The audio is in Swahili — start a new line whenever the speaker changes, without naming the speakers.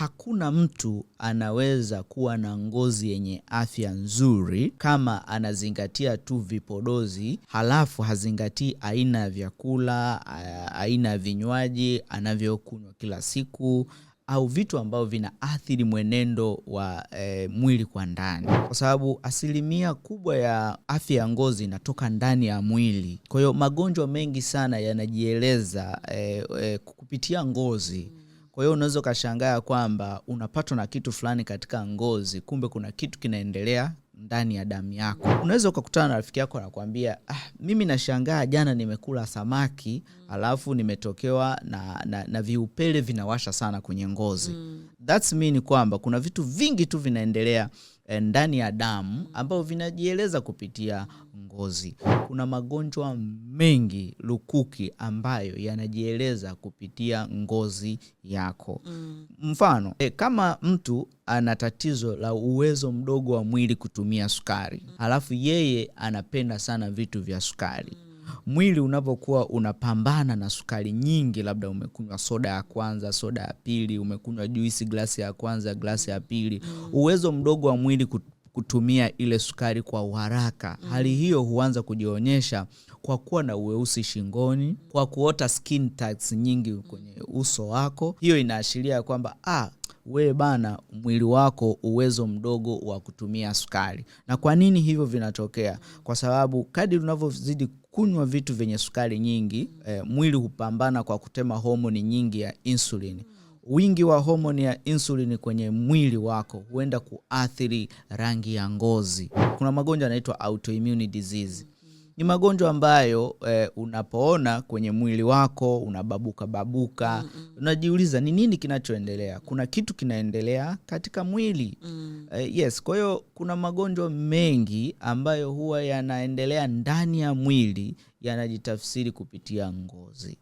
hakuna mtu anaweza kuwa na ngozi yenye afya nzuri kama anazingatia tu vipodozi, halafu hazingatii aina ya vyakula, aina ya vinywaji anavyokunywa kila siku au vitu ambavyo vinaathiri mwenendo wa e, mwili kwa ndani, kwa sababu asilimia kubwa ya afya ya ngozi inatoka ndani ya mwili. Kwa hiyo magonjwa mengi sana yanajieleza e, e, kupitia ngozi. Kwa hiyo unaweza ukashangaa kwamba unapatwa na kitu fulani katika ngozi, kumbe kuna kitu kinaendelea ndani ya damu yako. Unaweza ukakutana na rafiki yako anakuambia, ah, mimi nashangaa jana nimekula samaki mm. alafu nimetokewa na, na, na viupele vinawasha sana kwenye ngozi mm. That's mean kwamba kuna vitu vingi tu vinaendelea Eh, ndani ya damu ambayo vinajieleza kupitia ngozi. Kuna magonjwa mengi lukuki ambayo yanajieleza kupitia ngozi yako mm. Mfano e, kama mtu ana tatizo la uwezo mdogo wa mwili kutumia sukari, mm. alafu yeye anapenda sana vitu vya sukari mm mwili unavokuwa unapambana na sukari nyingi, labda umekunywa soda ya kwanza, soda ya pili, umekunywa juisi glasi ya kwanza, glasi ya pili mm. uwezo mdogo wa mwili kutumia ile sukari kwa uharaka mm. hali hiyo huanza kujionyesha kwa kuwa na uweusi shingoni, kwa kuota skin tags nyingi kwenye uso wako. Hiyo inaashiria kwamba ah, wewe bana, mwili wako uwezo mdogo wa kutumia sukari. Na kwa nini hivyo vinatokea? Kwa sababu kadi unavyozidi kunywa vitu vyenye sukari nyingi eh, mwili hupambana kwa kutema homoni nyingi ya insulini. Wingi wa homoni ya insulini kwenye mwili wako huenda kuathiri rangi ya ngozi. Kuna magonjwa yanaitwa autoimmune disease ni magonjwa ambayo eh, unapoona kwenye mwili wako unababuka babuka mm -mm. Unajiuliza ni nini kinachoendelea, kuna kitu kinaendelea katika mwili mm. Eh, yes, kwa hiyo kuna magonjwa mengi ambayo huwa yanaendelea ndani ya mwili yanajitafsiri kupitia ngozi.